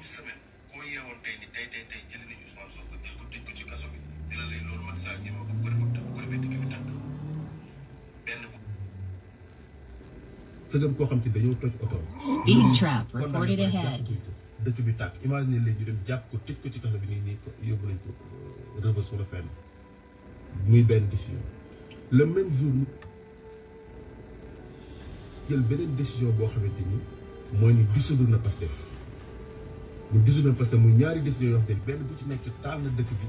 une semaine koo xam ci dañoo toj oto dëkk bi tàkk imagine léegi dem jàpp ko tëj ko ci kaso bi nii nii yóbbu nañ ko euh, rëbës wala fenn muy benn décision le même jour jël beneen décision boo xamante ni mooy ni dissoudre na Pastef ñu gisu leen parce que muy ñaari décision yoo xam benn bu ci nekk taal na dëkk bi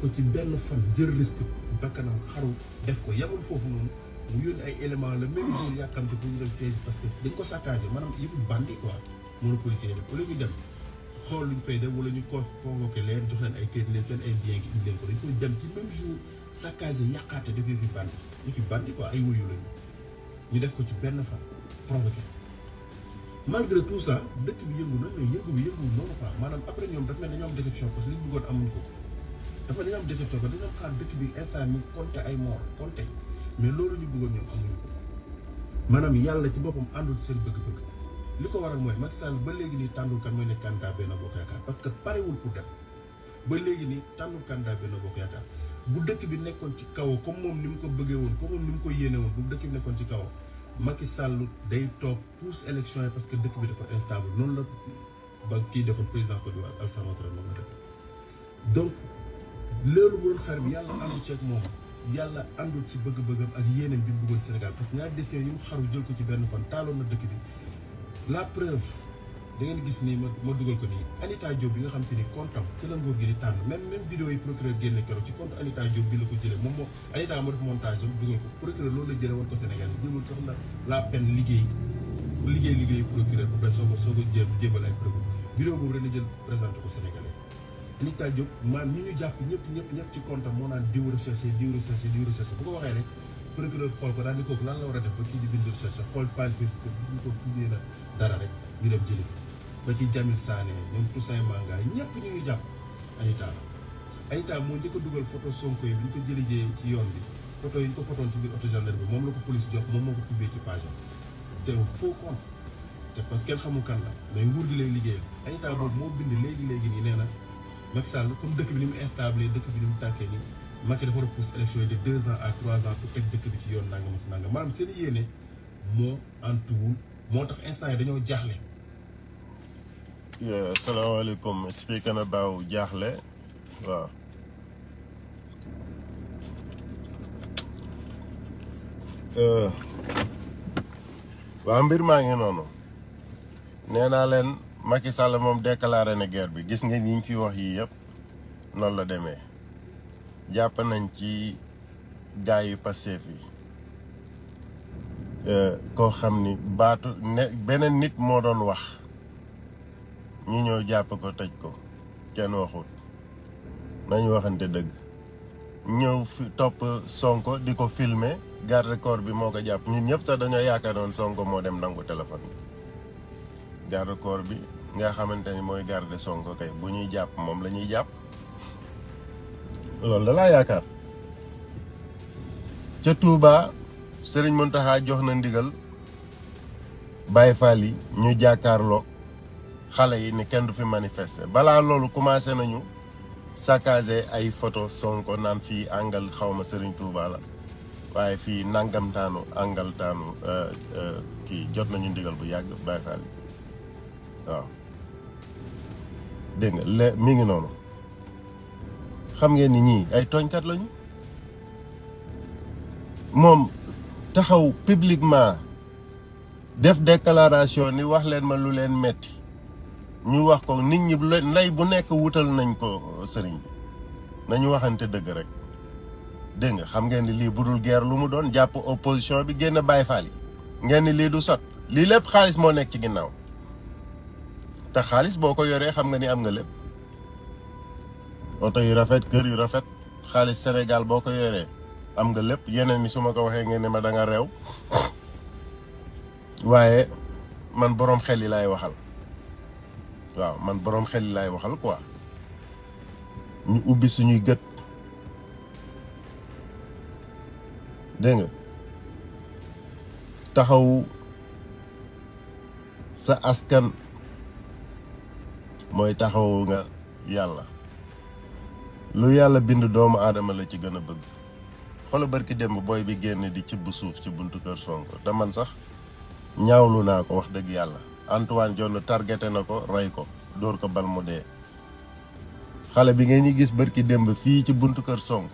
ko ci benn fan jël risque bakkanam xaru def ko yamul foofu noonu mu yónni ay éléments la même jour yàkkamte pour ñu dem siège parce que dañ ko saccagé maanaam yëfu bandi quoi moom policier def au ñu dem xool luñ fay dem wala ñu ko convoqué leen jox leen ay kayit leen seen ay bien indi leen ko dañ koy dem ci même jour saccagé yàqaate dafay fi bandi yi fi bandi ko ay wuyu lañu ñu def ko ci benn fan provoqué malgré tout ça dëkk bi yëngu na mais yëngu bi yëngu noonu quoi maanaam après ñoom dafa mel dañoo am déception parce que li ñu bëggoon amuñ ko dafa dañoo am déception parce que dañoo xaar dëkk bi instant ñu ay mort compté mais loolu ñu bëggoon ñoom amuñu ko maanaam yàlla ci boppam àndul seen bëgg-bëgg li ko waral mooy Macky Sall ba léegi nii tànnul kan mooy nekk candidat Benno Bokk Yaakaar parce que parewul pour de ba léegi nii tànnul candidat Benno ko Yaakaar bu dëkk bi nekkoon ci kaw comme moom ni mu ko bëggee woon comme mu ko yéene woon bu dëkk bi nekkoon ci kaw Macky Sall day toog pousse élection yi parce que dëkk bi dafa instable noonu la ba kii defoon président Côte d'Ivoire Alassane Ouattara moom la def donc loolu bu doon xar yàlla àndul ceeg moom yàlla àndul ci bëgg-bëggam ak yéeneen bi mu bëggoon parce que ñaari yi mu jël ko ci benn fan taaloon na dëkk bi la preuve da ngeen gis ni ma ma dugal ko nii Anita Diop bi nga xam te ni compte am ci la nguur gi di tànn même même vidéo yi procureur génne keroog ci compte bi la moom moo Anita moo def montage am dugal ko procureur woon ko Sénégal yi jëmul sax liggéey liggéey liggéey procureur bu pare soo soo ko jé jébal ay preuve vidéo la jël présenté ko Sénégalais Anita Diop maam ñi ñëpp ñëpp ñëpp ci compte moo naan diw recherché bu ko waxee rek procureur xool ko daal di kooku lan la war a def ba kii di bind recherche xool page bi gis ñu ko publier na dara rek ñu dem jëli ko ba ci Jamil Sané ñoom Toussaint Manga ñëpp ñu ngi jàpp Anita Anita moo njëkk a dugal photo Sonko yi bi ñu ko jëli jee ci yoon bi photo yi ñu ko fotoon ci biir auto gendarme bi moom la ko police jox moom moo ko publier ci page am te faux compte te parce que kenn xamul kan la mais nguur gi lay liggéeyal Anita boobu moo bind léegi léegi nii nee na Macky Sall comme dëkk bi ni mu instable dëkk bi Macky dafa repousse élection de deux ans à trois ans pour teg dëkk bi ci yoon nangam si nangam maanaam seen yéene moo antuwul moo tax instant yi dañoo jaaxle. asalaamaaleykum euh, waa mbir maa ngi noonu nee naa leen Macky Sall moom déclaré ne ger bi gis nga ni ñu fi wax yii yépp noonu la demee. jàpp nañ ci gaay yu yi euh, koo xam ni baatu ne beneen nit moo doon wax ñu ñëw jàpp ko tëj ko kenn waxut nañ waxante dëgg ñëw fi topp Sonko di ko filmer garde corps bi moo ko jàpp ñun ñëpp sax dañoo yaakaaroon Sonko moo dem nangu téléphone bi garde corps bi nga xamante ni mooy garde Sonko kay bu ñuy jàpp moom lañuy jàpp loolu laa yaakaar ca Touba Serigne Mountakha jox na ndigal Baye Fall yi ñu jàkkaarloo xale yi ni kenn du fi manifester balaa loolu commencé nañu saccagé ay photo Sonko naan fii àngal xawma Serigne Touba la waaye fii nangamtaanu àngaltaanu ki euh, euh, kii jot nañu ndigal bu yàgg Baye Fall yi waaw dégg le mi ngi noonu. xam ngeen ni ñi ay nyi? lañu mom taxaw publiquement def déclaration ni wax leen ma lu leen metti ñu wax ko nit ñi lay bu nekk wutal nañ ko sëriñ bi nañu waxante dëgg rek dégg nga xam ngeen ni lii budul guerre lu mu doon jàpp opposition bi génn Baay Faal yi ngeen ni lii du sot lii lépp xaalis moo nekk ci ginnaaw te xaalis boo yoree xam nga ni am nga lépp oto yu rafet keur yu rafet xaliss senegal boko yere am nga lepp yenen ni suma ko waxe ngeen ma da nga rew waye man borom xel yi laay waxal waaw man borom xel yi waxal quoi ñu ubbi suñuy gët dégg nga taxaw sa askan moy taxaw nga yalla lu yàlla bind doomu aadama la ci gën a bëgg xola barki démb booy bi génn di cibb suuf ci buntu kër song te man sax ñaawlu naa ko wax dëgg yàlla Antoine Diome targeté na ko rey ko dóor ko bal mu dee xale bi ngeen ñu gis barki démb fii ci buntu kër song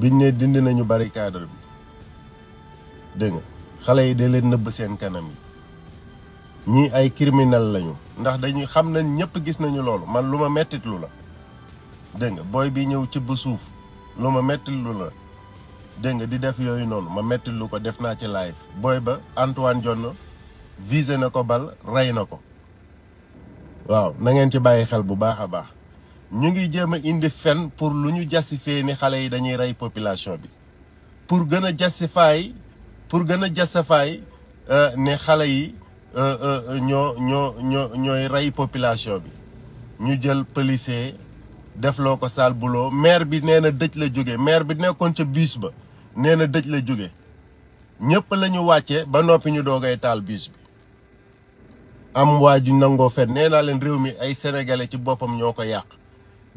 biñ ne dindi nañu bari cadre bi dégg nga xale yi da leen nëbb seen kanam yi ñii ay criminel lañu ndax dañuy xam nañ ñëpp gis nañu loolu man lu ma mettit lu la dégg nga booy bi ñëw ci bu suuf lu ma metti lu la dégg nga di def yooyu noonu ma metti lu ko def naa ci live booy ba Antoine Diome visé na ko bal rey na ko waaw na ngeen ci bàyyi xel bu baax a baax ñu ngi jéem a indi fen pour lu ñu justifier ni xale yi dañuy rey population bi pour gën a justifier pour gën a justifier euh, ne xale yi euh, euh, ñoo ñoo ñooy rey population bi ñu jël policier def loo ko sal buloo maire bi nee na dëj la jóge maire bi nekkoon ca biis ba nee na dëj la jóge ñëpp lañu wàcce ba noppi ñu doogay taal biis bi am waa ju nangoo fen nee naa leen réew mi ay sénégalais ci boppam ñoo ko yàq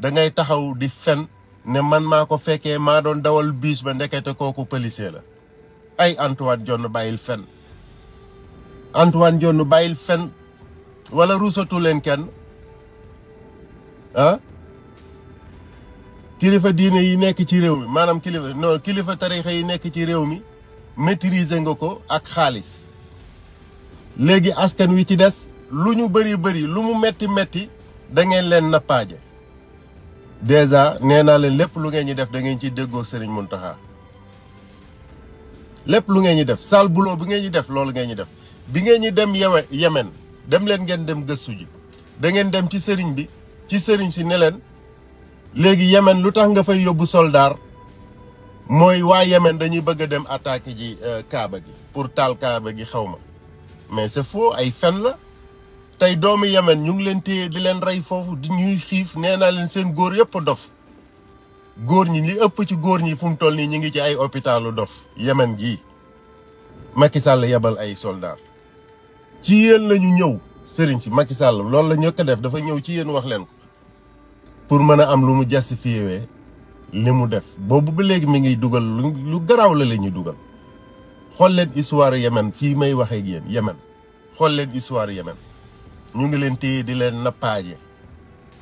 dangay taxaw di fen ne man maa ko fekkee maa doon dawal biis ba ndekete kooku pëlisee la ay Antoine Diome bàyyil fen Antoine Diome bàyyil fen walla ruusatu leen kenn ah kilifa diine yi nekk ci réew mi maanaam kilifa non kilifa tarixa yi nekk ci réew mi maîtriser nga ko ak xaalis léegi askan wi ci des lu ñu bëri bari lu mu metti metti dangeen leen nappaaje dèjà nee naa leen lépp lu ngeen ñi def dangeen ci ciy déggoo sëriñ Muntaxa lépp lu ngeen ñi def sal buloo bi ngeen ñi def loolu ngeen ñi def bi ngeen ñi dem yewe yemen dem leen ngeen dem gëstu ji da dem ci sëriñ bi ci sëriñ si ne leen léegi Yémen lu tax nga fay yóbbu soldaar mooy waa Yémen dañuy bëgg a dem attaquer ji euh, Kaaba gi pour taal Kaaba gi xaw ma mais c'est faux ay fen la tey doomu Yémen ñu ngi leen téye di leen rey foofu di ñuy xiif nee naa leen seen góor yëpp dof góor ñi li ëpp ci góor ñi fu mu toll nii ñu ngi ci ay hôpitalu dof Yémen gi Macky sàll yebal ay soldaar ci yéen lañu ñëw sëriñ si Macky sàll loolu la ñëkk def dafa ñëw ci yéen wax leen ko. pour mën a am lu mu justifié li mu def boobu ba léegi mi ngi dugal lu garaaw la la ñuy dugal xool leen histoire Yémen fii may waxe ak yéen Yémen xool leen histoire Yémen ñu ngi leen téye di leen nappaaje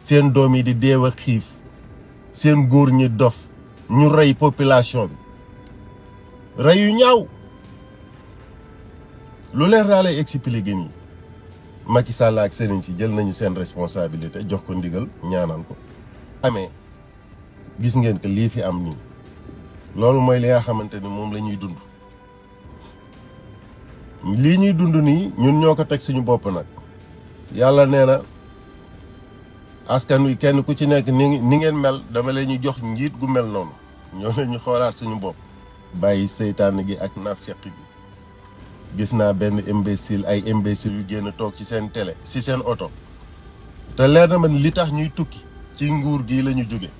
seen doom yi di deew a xiif seen góor ñi dof ñu rey population bi rey yu ñaaw lu leen naa lay expliquer nii Macky Sall ak sëriñ si jël nañu seen responsabilité jox ko ndigal ñaanal ko amee gis ngeen que lii fi am nii loolu mooy li nga xamante ni moom lañuy dund lii ñuy dund nii ñun ñoo ko teg suñu bopp nag yàlla nee na askan wi kenn ku ci nekk ni ngeen mel dama leen ñu jox njiit gu mel noonu ñoo leen ñu xoolaat suñu bopp bàyyi seytaan gi ak naafeq gi gis naa benn imbécile ay imbécile yu génn toog ci seen tele ci seen oto te leer na man li tax ñuy tukki ci nguur gii la ñu jóge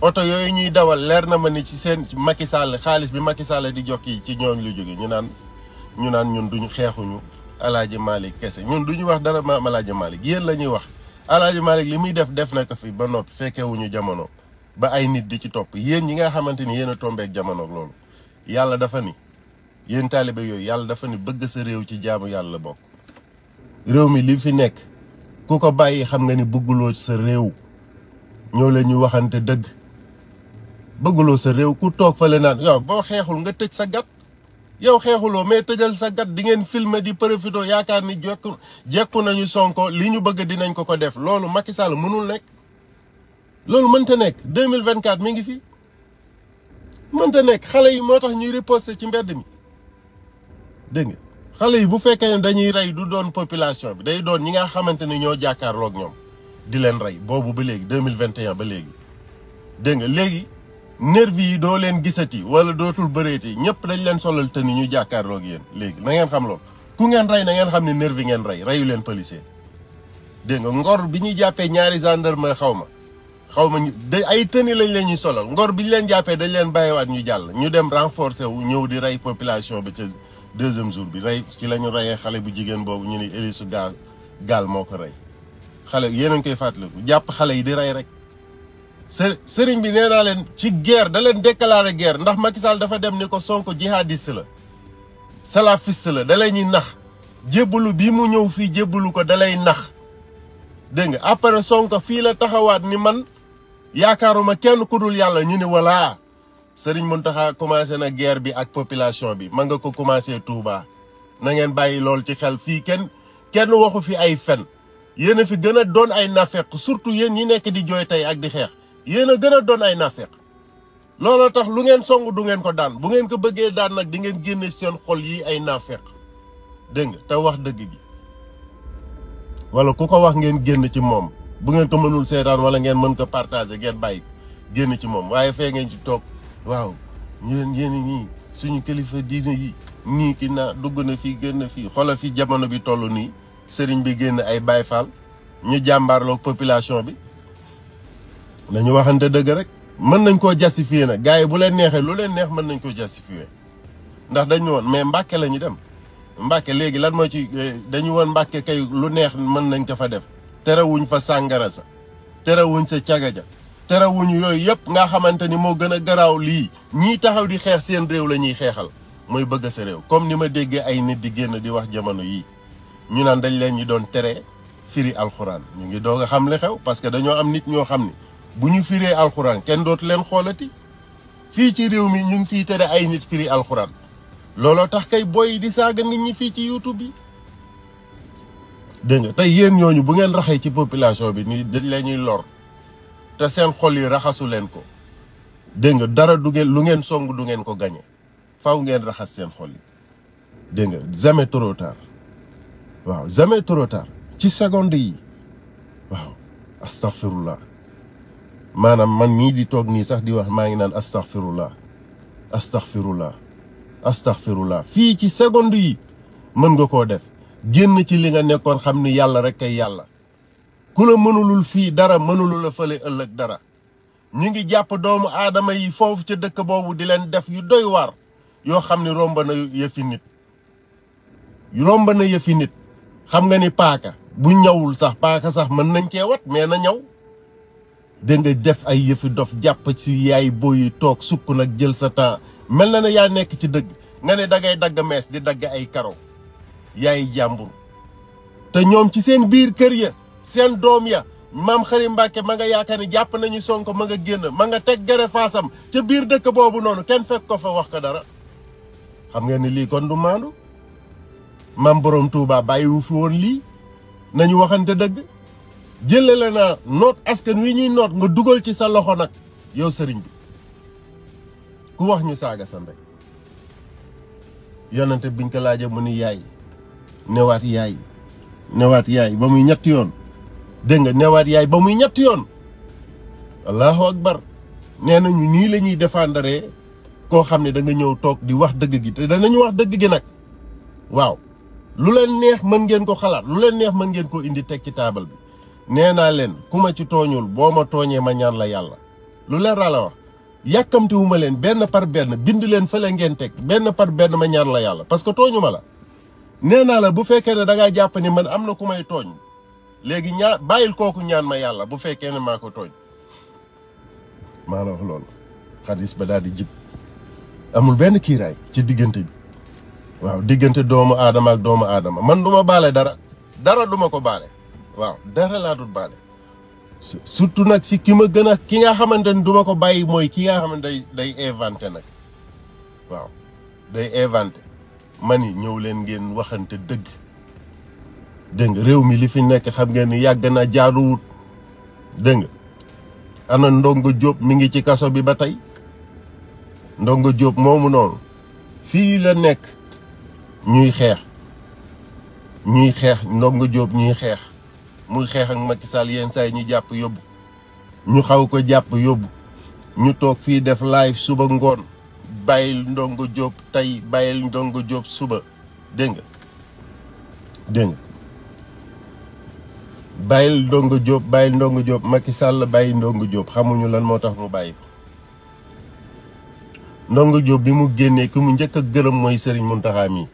oto yooyu ñuy dawal leer na ma ni ci seen Macky Sall xaalis bi Macky Sall di jox kii ci ñooñ lu jóge ñu naan ñu naan ñun duñu xeexuñu alaaji Malick kese ñun duñu wax dara maam alaaji Malick yéen la ñuy wax alaaji Malick li muy def def na ko fi ba noppi fekkewuñu jamono ba ay nit di ci topp yéen ñi nga xamante ni yéen a tombeek jamono loolu yàlla dafa ni yéen taalibe yooyu yàlla dafa ni bëgg sa réew ci jaamu yàlla bokk réew mi li fi nekk ku bàyyi xam nga ni bëgguloo sa réew ñoo leen ñuy waxante dëgg bëgguloo sa réew ku toog fale naan yow boo xeexul nga tëj sa gat yow xeexuloo mais tëjal sa gat di ngeen filmer di profito yaakaar ni jekku jekku nañu Sonko li ñu bëgg dinañ ko ko def loolu Macky Sall mënul nekk loolu mënta nekk 2024 mi ngi fi mënta nekk xale yi moo tax ñuy riposter ci mbedd mi dégg nga xale yi bu fekkee ne dañuy rey du doon population bi day doon ñi nga xamante ne ñoo jàkkaarloog ñoom di leen rey boobu ba léegi deux mille vingt et ba léegi dégg léegi nervi yi doo leen gisati wala dootul bëreeti ñëpp dañ leen solal te ni ñu jàkkaarloog yéen léegi na ngeen xam lool ku ngeen rey na ngeen xam ne nervi ngeen rey reyu leen policier dégg nga ngor bi ñuy jàppee ñaari gendarme xaw ma xaw ma ñu da ay tëni lañ leen ñuy solal ngor bi ñu leen jàppee dañ leen bàyyiwaat ñu jàll ñu dem renforcer wu ñëw di rey population bi ca deuxième jour bi rey ci la ñu reyee xale bu jigéen boobu ñu ni Elisu gaal gaal moo ko rey xale yéen a ngi koy fàttaliku jàpp xale yi di rey rek sëriñ bi nee naa leen ci guerre da leen déclaré guerre ndax Macky Sall dafa dem ni ko Sonko jihadiste la salafiste la da lay ñuy nax jébbalu bi mu ñëw fii jébbalu ko da lay nax dégg nga après Sonko fii la taxawaat ni man yaakaaruma kenn ku dul yàlla ñu ne voilà sëriñ Mountakha commencé na guerre bi ak population bi ma nga ko commencé Touba na ngeen bàyyi lool ci xel fii kenn kenn waxu fi ay fen yéen a fi gën a doon ay nafeq surtout yéen ñi nekk di jooy tey ak di xeex yéen a gën a doon ay nafeq looloo tax lu ngeen song du ngeen ko daan bu ngeen ko bëggee daan nag di ngeen génne seen xol yi ay nafeq dégg nga te wax dëgg bi wala ku ko wax ngeen génn ci moom bu ngeen ko mënul seetaan wala ngeen mën ko partager ngeen bàyyi génn ci moom waaye fee ngeen ci toog waaw ñeen yéen ñii suñu kilifa diine yi nii ki naa dugg na fii génn fii xoolal fi jamono bi toll nii sëriñ bi génn ay Baay Faal ñu jàmbaarloog population bi nañu waxante dëgg rek mën nañ koo justifier nag gars yi bu leen neexee lu leen neex mën nañ koo justifier ndax dañu woon mais Mbàkke la ñu dem Mbàkke léegi lan moo ci dañu woon Mbàkke kay lu neex mën nañ ko fa def terewuñ fa sàngara sa terewuñ sa caga ja terewuñ yooyu yëpp nga xamante ni moo gën a garaaw lii ñii taxaw di xeex seen réew la ñuy xeexal mooy bëgg sa réew comme ni ma déggee ay nit di génn di wax jamono yii ñu naan dañ leen ñi doon tere firi alxuraan ñu ngi doog a xam li xew parce que dañoo am nit ñoo xam ni bu ñu firee alxuraan kenn dootu leen xoolati fii ci réew mi ñu ngi fiy tere ay nit firi alxuraan looloo tax kay booy di saaga nit ñi fii ci youtube bi dégg nga tey yéen ñooñu bu ngeen raxee ci population bi ni dañ leen ñuy lor te seen xol yi raxasu leen ko dégg nga dara du lu ngeen song du ngeen ko gañe faw ngeen raxas seen xol yi dégg nga jamais waaw jamais trop ci seconde yi waaw astaghfirullah maanaam man mii di toog nii sax di wax maa ngi naan astaghfirullah astaghfirullah astaghfirullah fii ci seconde yi mën nga koo def génn ci li nga nekkoon xam ni yàlla rek ay yàlla ku la mënulul fii dara mënulul la fële ëllëg dara ñu ngi jàpp doomu aadama yi foofu ca dëkk boobu di leen def yu doy waar yoo xam ni romb nit romb na yëfi nit xam nga ni paaka bu ñawul sax paaka sax mën nañ cee wat mais na ñaw da nga def ay yëfi dof jàpp ci yaay booyi toog sukk nag jël sa temps mel na ne yaa nekk ci dëgg nga ne dangay dagg mees di dagg ay karo yaay jàmbur te ñoom ci seen biir kër ya seen doom ya maam xari Mbàkke ma nga yaakaar ne jàpp nañu sonk ma nga génn ma nga teg gere faasam ca biir dëkk boobu noonu kenn fekk ko fa wax ko dara xam nga ni lii kon du maandu mam borom touba bayiwu fi won li nañu waxante deug jëlele na note askan wi ñuy note nga duggal ci sa loxo nak yow sëriñ bi ku wax ñu saga san rek yonante biñ ko laaje mu ni yaay newaat yaay newaat yaay ba muy ñett yoon de nga newaat yaay ba muy ñett yoon allahu akbar nenañu ni lañuy défendre ko xamne da nga ñew tok di wax deug gi te danañu wax deug gi nag waaw lu leen neex mën ngeen ko xalaat lu leen neex mën ngeen ko indi teg ci taabal bi nee naa leen ku ma ci tooñul boo ma tooñee ma ñaan la yàlla lu leen raa la wax yàkkamtiwu ma leen benn par benn bind leen fële ngeen teg benn par benn ma ñaan la yàlla parce que tooñu ma la nee naa la bu fekkee ne dangay jàpp ni man am na ku may tooñ léegi ñaa bàyyil kooku ñaan ma yàlla bu fekkee ne maa ko tooñ maa la wax loolu xadis ba daal di jib amul benn kiiraay ci diggante bi waaw diggante doomu aadama ak doomu aadama man duma ma baale dara dara duma ko baale waaw dara laa dul baale surtout nag si ki ma gën a ki nga xamante ni du ko bàyyi mooy ki nga xamante day day inventé nag waaw day inventé man yi ñëw leen ngeen waxante dëgg dégg nga réew mi li fi nekk xam ngeen ni yàgg na jaaduwut dégg nga ana ndongo jóob mi ngi ci kaso bi ba tey ndongo jóob moomu noonu fii la nekk. ñuy xeex ñuy xeex ndongo jóob ñuy xeex muy xeex ak Macky Sall yenn saa yi ñu jàpp yóbbu ñu xaw ko jàpp yóbbu ñu toog fii def live suba ngoon bàyyil ndongo jóob tey bàyyil ndongo jóob suba dégg nga dégg nga bàyyil ndongo jóob bàyyil ndongo jóob Macky Sall bàyyi xamuñu lan moo tax mu bàyyi ko ndongo jóob bi mu génnee ki mu njëkk a gërëm mooy sëriñ Mountakha yi